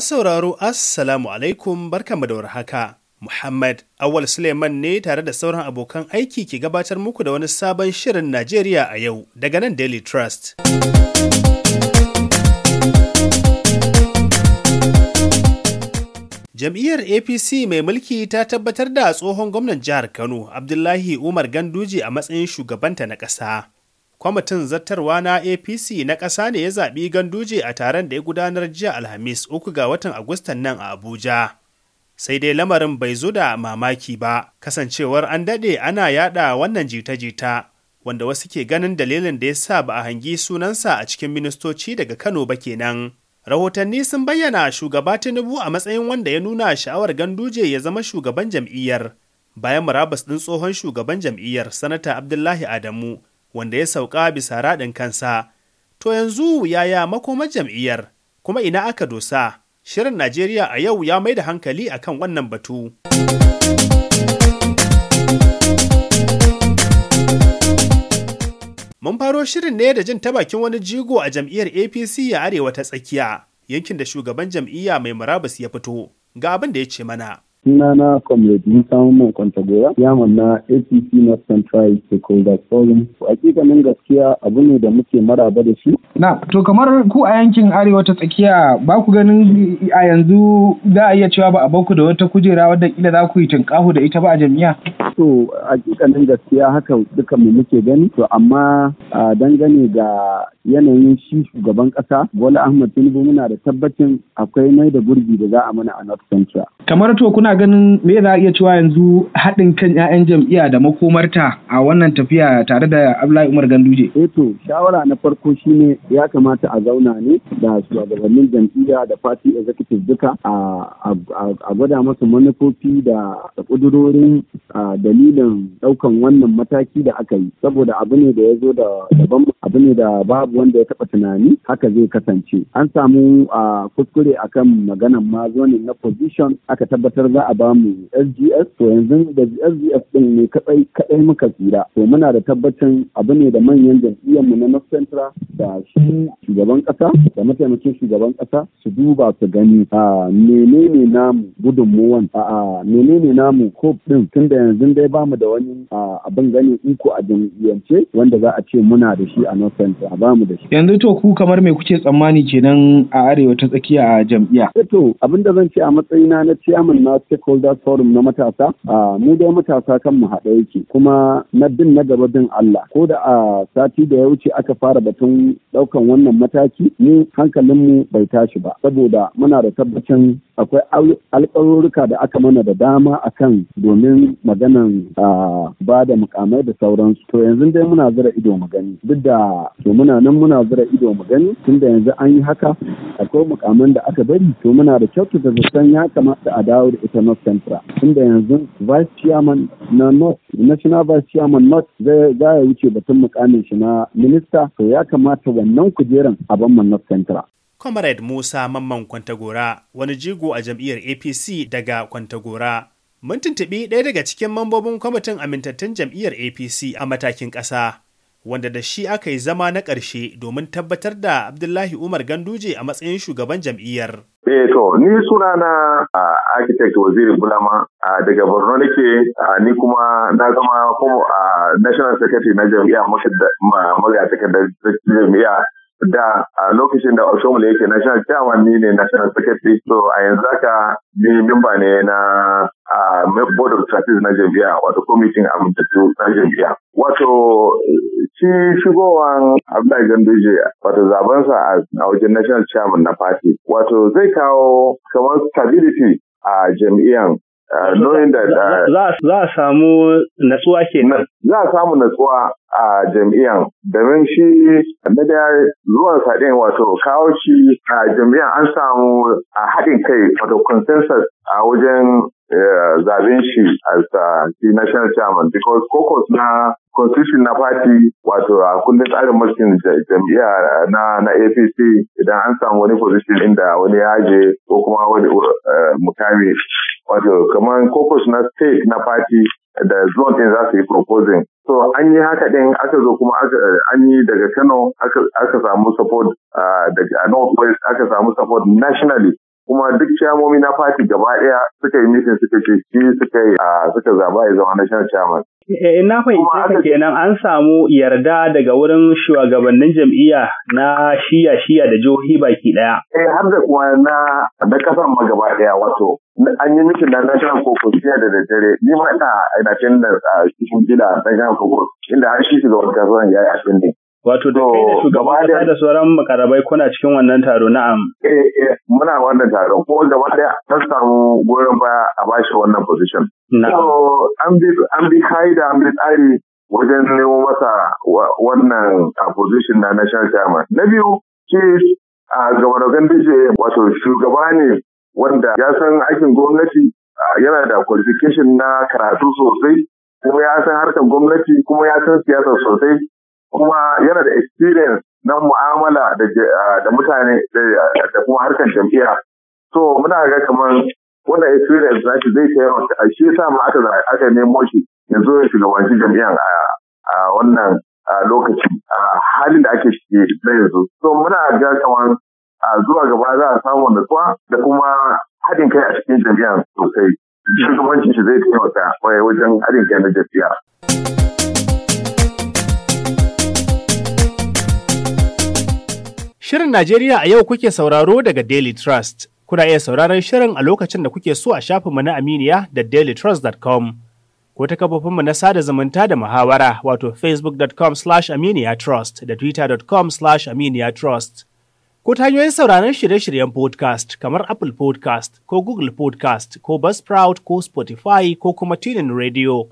Masu sauraro Assalamu alaikum barkanmu da warhaka. Muhammad Awal Suleiman ne tare da sauran abokan aiki ke gabatar muku da wani sabon shirin Najeriya a yau daga nan Daily Trust. Jam'iyyar APC mai mulki ta tabbatar da tsohon gwamnan jihar Kano Abdullahi Umar Ganduji, a matsayin shugabanta na ƙasa. kwamitin zartarwa na apc na ƙasa ne ya zaɓi ganduje a taron da ya gudanar jiya alhamis uku ga watan agustan nan a abuja sai dai lamarin bai zo da mamaki ba kasancewar an daɗe ana yaɗa wannan jita-jita wanda wasu ke ganin dalilin da ya sa ba a hangi sunansa a cikin ministoci daga kano ba kenan rahotanni sun bayyana shugaba tinubu a matsayin wanda ya nuna sha'awar ganduje ya zama shugaban jam'iyyar bayan murabus ɗin tsohon shugaban jam'iyyar sanata abdullahi adamu wanda ya sauka bisa raɗin kansa. To yanzu yaya makomar jam'iyyar kuma ina aka dosa? Shirin Najeriya a yau ya mai da hankali a kan wannan batu. Mun faro shirin ne da jin ta bakin wani jigo a jam'iyyar APC ya arewa ta tsakiya, yankin da shugaban jam'iyya mai murabus ya fito, ga abin da ya ce mana. sunana comrade musa mamman kwantagora yaman na apc north central stakeholders forum hakikanin gaskiya abu ne da muke maraba da shi na to kamar ku a yankin arewa ta tsakiya ba ku ganin a yanzu za a iya cewa ba a bauku da wata kujera wadda kila za ku yi tinkahu da ita ba a jami'a to hakikanin gaskiya haka duka mu muke gani to amma dangane ga yanayin shi shugaban kasa bola ahmad tinubu muna da tabbacin akwai mai da gurbi da za a mana a north central kamar to kuna kana ganin me za a iya cewa yanzu haɗin kan 'ya'yan jam'iyya da makomarta a wannan tafiya tare da Abdullahi Umar Ganduje? Eh to, shawara na farko shine ya kamata a zauna ne da shugabannin jam'iyya da party executive duka a gwada masa manufofi da ƙudurorin dalilin ɗaukan wannan mataki da aka yi saboda abu ne da ya zo da daban abu ne da babu wanda ya taɓa tunani haka zai kasance an samu kuskure akan maganan ma zonin na position aka tabbatar za za a bamu SGS to yanzu da SGS din ne kadai kadai muka tsira to muna da tabbacin abu ne da manyan jam'iyyar mu na North Central da shi shugaban kasa da mataimakin shugaban kasa su duba su gani a menene namu gudunmuwan a menene namu hope din tunda yanzu dai bamu da wani abin gani iko a jam'iyyance wanda za a ce muna da shi a North Central bamu da shi yanzu to ku kamar me kuke tsammani kenan a arewa ta tsakiya a jam'iyya eh to abin da zan ce a matsayina na chairman na stakeholder forum na matasa a mu dai matasa kan mu haɗa yake kuma na bin na gaba bin Allah ko da a sati da ya wuce aka fara batun ɗaukan wannan mataki mu hankalinmu bai tashi ba saboda muna da tabbacin akwai alƙawurruka da aka mana da dama akan domin maganan ba da mukamai da sauransu to yanzu dai muna zira ido mu gani duk da to muna nan muna zira ido mu gani tunda yanzu an yi haka akwai mukamin da aka bari to muna da kyautata zaton ya kamata a dawo da ita ta north central tunda yanzu vice chairman na north national vice chairman north za ya wuce batun mukamin shi na minista to ya kamata wannan kujeran a banman north central comrade musa mamman kwantagora wani jigo a jam'iyyar apc daga kwantagora mun tuntuɓi ɗaya daga cikin mambobin kwamitin amintattun jam'iyyar apc a matakin ƙasa wanda da shi aka yi zama na ƙarshe domin tabbatar da Abdullahi Umar Ganduje a matsayin shugaban jam'iyyar. Eh to ni sunana uh, architect Waziri Bulama uh, daga Borno nake uh, ni kuma na zama kuma uh, National Secretary na jami'a magaya takardar jami'a da a lokacin da Oshomole yake National Chairman ni ne National Secretary so a yanzu haka ni mimba ne na a board of trustees na jam'iyya wato kwamitin amintattu na jam'iyya wato shi shigowan abdullahi ganduje wato zabansa a wajen national chairman na party wato zai kawo kamar stability a jami'an. Uh, za a samu natsuwa kenan za a samu natsuwa a jam'iyyar domin shi na da zuwan saɗin wato kawo shi a jam'iyyar an samu a haɗin kai wato consensus a wajen Eh, zaben shi as the national chairman because caucus na constitution na party wato a kundin tsarin mulkin jam'iyya na na APC idan an samu wani position inda wani yaje ko kuma wani eh, mutane wato kamar caucus na state na party da zuwan din za su yi proposing so an yi haka din aka zo kuma an yi daga Kano aka samu support ah, daga North West aka samu support nationally kuma duk ciyamomi na fati gaba daya suka yi mitin suka ce shi suka yi suka zaba ya zama national chairman. Ina eh, eh, fahimta ka kenan an samu yarda daga wurin shugabannin jam'iyya na shiya shiya da jihohi baki ɗaya. Eh har da kuma na da kasar ma gaba ɗaya wato an yi mitin na national caucus jiya da daddare ni ma ina ina cikin da cikin gida na national caucus inda har shi shugaban kasuwan ya yi a tun Wato da kai da shugaban kasa da sauran makarabai kuna cikin wannan taro na'am. Eh eh muna wannan taro ko gaba daya ta samu goyon baya a bashi wannan position. So an bi an bi kaida an bi tsari wajen nemo masa wannan position na national chairman. Na biyu ke a gabar gandije wato shugaba ne wanda ya san aikin gwamnati yana da qualification na karatu sosai kuma ya san harkar gwamnati kuma ya san siyasa sosai kuma yana da experience na mu'amala da mutane da kuma harkar jam'iyya so muna ga kamar wannan experience na shi zai taimaka a shi sa ma aka aka nemo shi yanzu ya shugabanci jam'iyyar a wannan lokaci a halin da ake shige na yanzu so muna ga kamar zuwa gaba za a samu natsuwa da kuma haɗin kai a cikin jam'iyyar sosai shugabancin shi zai taimaka wajen haɗin kai na jam'iyyar. Shirin Najeriya a yau kuke sauraro daga Daily Trust. Kuna iya sauraron shirin a lokacin da kuke so a shafinmu na Aminiya da dailytrust.com ko ta kafofinmu na sada zumunta da muhawara wato facebook.com slash aminiya da twitter.com slash aminiya Ko ta hanyoyin sauraron shirye-shiryen podcast kamar Apple podcast ko Google podcast ko Buzzsprout ko Spotify ko kuma Tunin Radio.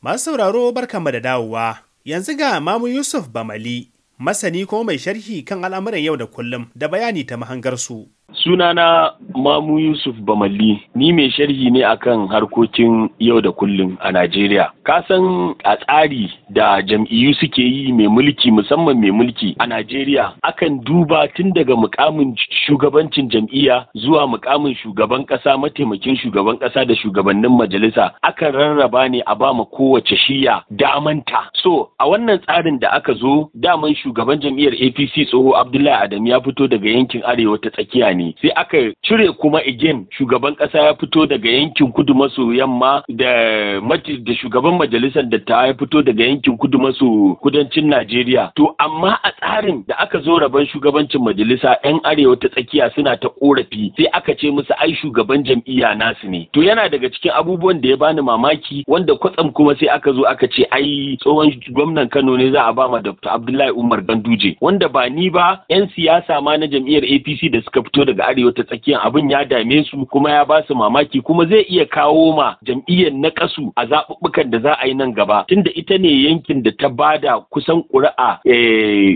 Masu sauraro barkanmu da dawowa. Yanzu ga Mamu Yusuf Bamali, masani kuma mai sharhi kan al'amuran yau da kullum da bayani ta mahangarsu. Sunana Mamu Yusuf Bamalli, ni mai sharhi ne akan harkokin yau da kullum a Najeriya. Ka san a tsari da jam'iyyu suke yi mai mulki musamman mai mulki a Najeriya, akan duba tun daga mukamin shugabancin jam'iyya zuwa mukamin shugaban ƙasa mataimakin shugaban ƙasa da shugabannin majalisa, akan rarraba ne a bama kowace shiya damanta. So, a wannan tsarin da aka zo, daman shugaban jam'iyyar APC tsoho Abdullahi Adam ya fito daga yankin Arewa ta tsakiya ne. ne sai aka cire kuma again shugaban kasa ya fito daga yankin kudu maso yamma da da shugaban majalisar ta ya fito daga yankin kudu maso kudancin Najeriya to amma a tsarin da aka zo rabon shugabancin majalisa yan arewa ta tsakiya suna ta korafi sai aka ce musu ai shugaban jam'iyya nasu ne to yana daga cikin abubuwan da ya bani mamaki wanda kwatsam kuma sai aka zo aka ce ai tsohon gwamnan Kano ne za a ba ma Dr. Abdullahi Umar Ganduje wanda ba ni ba yan siyasa ma na jam'iyyar APC da suka fito daga arewa ta tsakiyar abin ya dame su kuma ya ba su mamaki kuma zai iya kawo ma jam'iyyar na kasu a zaɓuɓɓukan da za a yi nan gaba tunda ita ne yankin da ta bada kusan ƙuri'a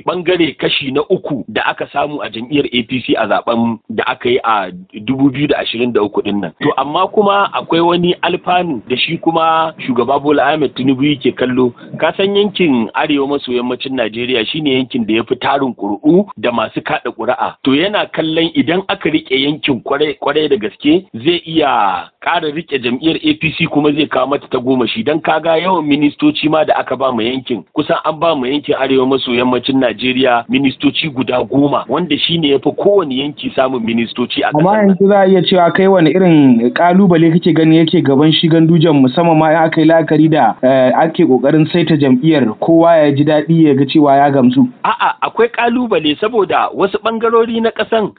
bangare eh, kashi na uku da aka samu a jam'iyyar APC a zaben da aka yi a 2023 din nan to amma kuma akwai wani alfanu da shi kuma shugaba Bola Ahmed Tinubu yake kallo ka san yankin arewa maso yammacin Najeriya shine yankin da ya fi tarin ƙuri'u da masu kaɗa ƙuri'a to yana kallon idan aka rike yankin kwarai da gaske zai iya ƙara rike jam'iyyar apc kuma zai kawo mata ta goma shi don kaga yawan ministoci ma da aka ba mu yankin kusan an ba mu yankin arewa maso yammacin najeriya ministoci guda goma wanda shine ya fi kowane yanki samun ministoci a amma yanzu za a iya cewa kai wani irin kalubale kake gani yake gaban shi gandujan musamman ma aka yi la'akari da eh, ake kokarin saita jam'iyyar kowa ya ji daɗi ya ga cewa ya gamsu a'a akwai kalubale saboda wasu bangarori na ƙasan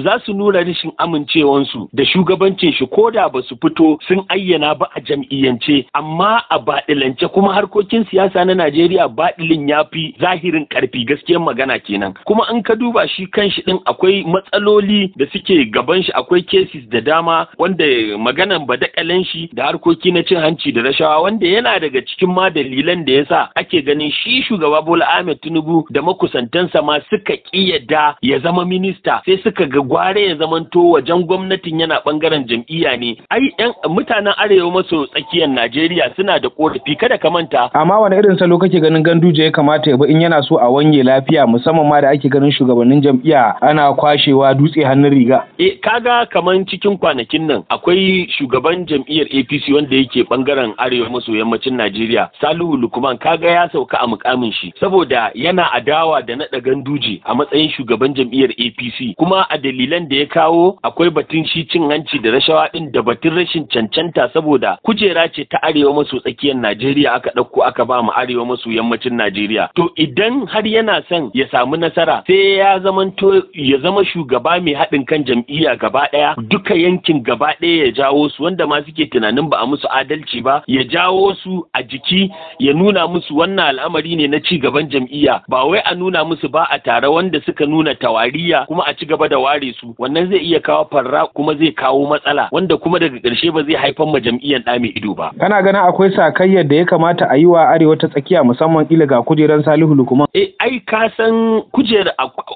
za su nuna rashin amincewansu da shugabancin shi ko da ba su fito sun ayyana ba a jam'iyyance amma a baɗilance kuma harkokin siyasa na Najeriya baɗilin ya fi zahirin ƙarfi gaskiyar magana kenan kuma an ka duba shi kan shi ɗin akwai matsaloli da suke gaban shi akwai cases da dama wanda maganan da shi da harkoki na cin hanci da rashawa wanda yana daga cikin ma dalilan da yasa ake ganin shi shugaba Bola Ahmed Tinubu da makusantansa ma suka ƙi yadda ya zama minista sai suka Daga gware ya zamanto wajen gwamnatin yana bangaren jam'iyya ne ai yan mutanen arewa maso tsakiyar Najeriya suna da korafi kada ka manta amma wani irin salo kake ganin ganduje ya kamata ya bi in yana so a wanye lafiya musamman ma da ake ganin shugabannin jam'iyya ana kwashewa dutse hannun riga eh kaga kaman cikin kwanakin nan akwai shugaban jam'iyyar APC wanda yake bangaren arewa maso yammacin Najeriya Salihu Lukman kaga ya sauka a mukamin shi saboda yana adawa da naɗa ganduje a matsayin shugaban jam'iyyar APC kuma a dalilan da ya kawo akwai batun shi cin hanci da rashawa din da batun rashin cancanta saboda kujera ce ta arewa maso tsakiyar Najeriya aka ɗauko aka ba mu arewa maso yammacin Najeriya. To idan har yana son ya samu nasara sai ya zamanto ya zama shugaba mai haɗin kan jam'iyya gaba ɗaya duka yankin gaba ɗaya ya jawo su wanda ma suke tunanin ba a musu adalci ba ya jawo su a jiki ya nuna musu wannan al'amari ne na ci gaban jam'iyya ba wai a nuna musu ba a tare wanda suka nuna tawariya kuma a ci gaba da ware su wannan zai iya kawo farra kuma zai kawo matsala wanda kuma daga ƙarshe ba zai haifar ma jam'iyyar ɗa ido ba. Kana ganin akwai sakayyar da ya kamata a yi wa arewa ta tsakiya musamman ila ga kujeran Salihu Lukuman? E, eh, ai ka san kujer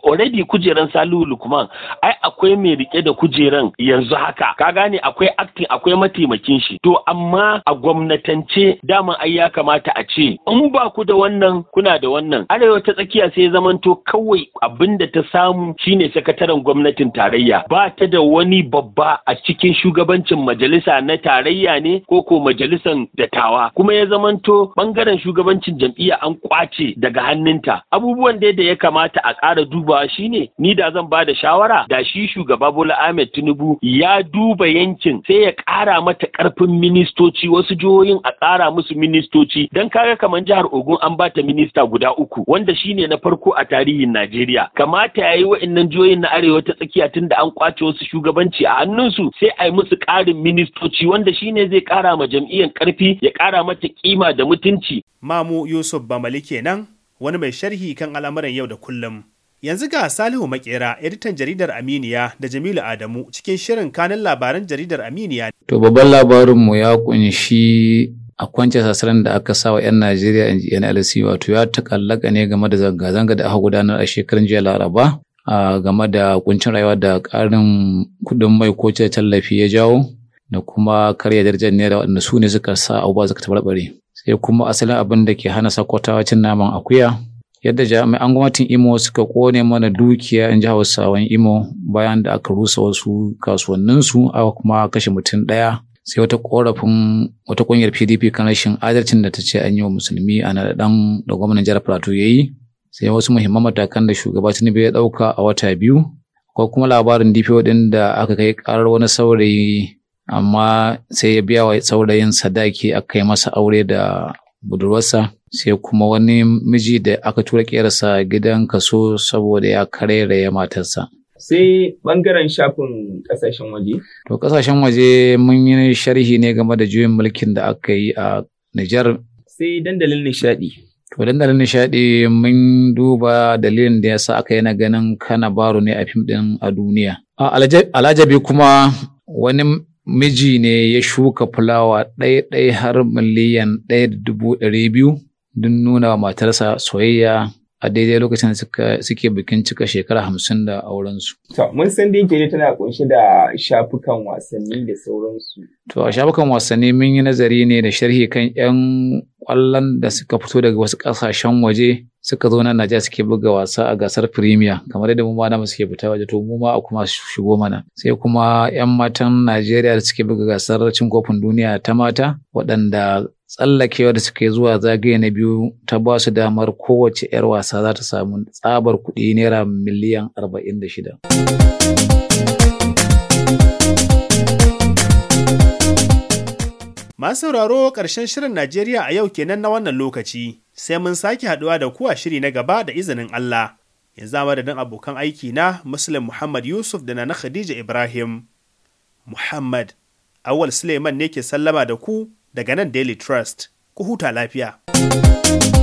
already kujeran Salihu lukman. ai akwai mai rike da kujeran yanzu haka ka gane akwai acting akwai mataimakin shi to amma a gwamnatance dama ai ya kamata a ce in ba ku da wannan kuna da wannan arewa ta tsakiya sai zamanto kawai abinda ta samu shine sakataren gwamnati gwamnatin tarayya ba ta da wani babba a cikin shugabancin majalisa na tarayya ne ko ko majalisan dattawa kuma ya zamanto bangaren shugabancin jam'iyya an kwace daga hannunta abubuwan da ya kamata a ƙara dubawa shine ni da zan ba da shawara da shi shugaba Bola Ahmed Tinubu ya duba yankin sai ya ƙara mata ƙarfin ministoci wasu jihohin a ƙara musu ministoci Don kaga kamar jihar Ogun an bata minista guda uku wanda shine na farko a tarihin Najeriya kamata ya yayi wa'annan jihohin na arewa ta tsakiya tun da an kwace wasu shugabanci a hannunsu sai a yi musu ƙarin ministoci wanda shine zai ƙara ma jam'iyyar ƙarfi ya ƙara mata ƙima da mutunci. Mamu Yusuf Bamali kenan wani mai sharhi kan al'amuran yau da kullum. Yanzu ga Salihu Makera, editan jaridar Aminiya da Jamilu Adamu cikin shirin kanin labaran jaridar Aminiya. To babban labarinmu ya kunshi a kwance sasaran da aka sa wa 'yan Najeriya in ji NLC wato ya takallaka ne game da zanga-zanga da aka gudanar a shekarun jiya Laraba A game da kuncin rayuwa da karin kuɗin mai ko ce tallafi ya jawo da kuma karya darajar da waɗanda su ne suka sa abubuwa suka tabarbare sai kuma asalin abin da ke hana sakwatawa cin naman akuya yadda jami'an gwamnatin imo suka kone mana dukiya in ji hausawan imo bayan da aka rusa wasu kasuwanninsu a kuma kashe mutum ɗaya sai wata korafin wata ƙungiyar pdp kan rashin adalcin da ta ce an yi wa musulmi a naɗaɗan da gwamnan jihar plateau ya yi sai wasu muhimman matakan da shugaba tinubu ya ɗauka a wata biyu ko kuma labarin dpo din da aka kai karar wani saurayi amma sai ya biya wa saurayin sadaki aka kai masa aure da budurwarsa sai kuma wani miji da aka tura kerasa gidan kaso saboda ya kareraya matarsa sai bangaren shafin kasashen waje? To kasashen waje mun yi sharhi ne game da juyin mulkin da aka yi a Nijar. Sai dandalin nishadi. To dandalin nishaɗi mun duba dalilin da ya sa aka na ganin kana baro ne a fim ɗin a duniya. Alajabi kuma wani miji ne ya shuka fulawa ɗai-ɗai har miliyan ɗaya da dubu ɗari biyu don nuna wa matarsa soyayya a daidai lokacin da suke bikin cika shekara hamsin da aurensu. To, mun san da yake tana kunshi da shafukan wasanni da sauransu. To, a shafukan wasanni mun yi nazari ne da sharhi kan 'yan kwallon da suka fito daga wasu ƙasashen waje suka zo nan Najeriya suke buga wasa a gasar Premier kamar yadda mu ma namu suke fita waje to mu ma a kuma shigo mana sai kuma yan matan Najeriya da suke buga gasar cin kofin duniya ta mata waɗanda tsallakewa da suke zuwa zagaye na biyu ta ba su damar kowace 'yar wasa za ta samu tsabar kuɗi naira miliyan 46. Masu sauraro ƙarshen shirin Najeriya a yau kenan na wannan lokaci, sai mun sake haɗuwa da kuwa shiri na gaba da izinin Allah. Yanzu madadin abokan aiki na Muslim Muhammad Yusuf da na Khadija Ibrahim. Muhammad, awal Suleiman ne ke sallama da ku. Daga nan Daily Trust, ku huta lafiya.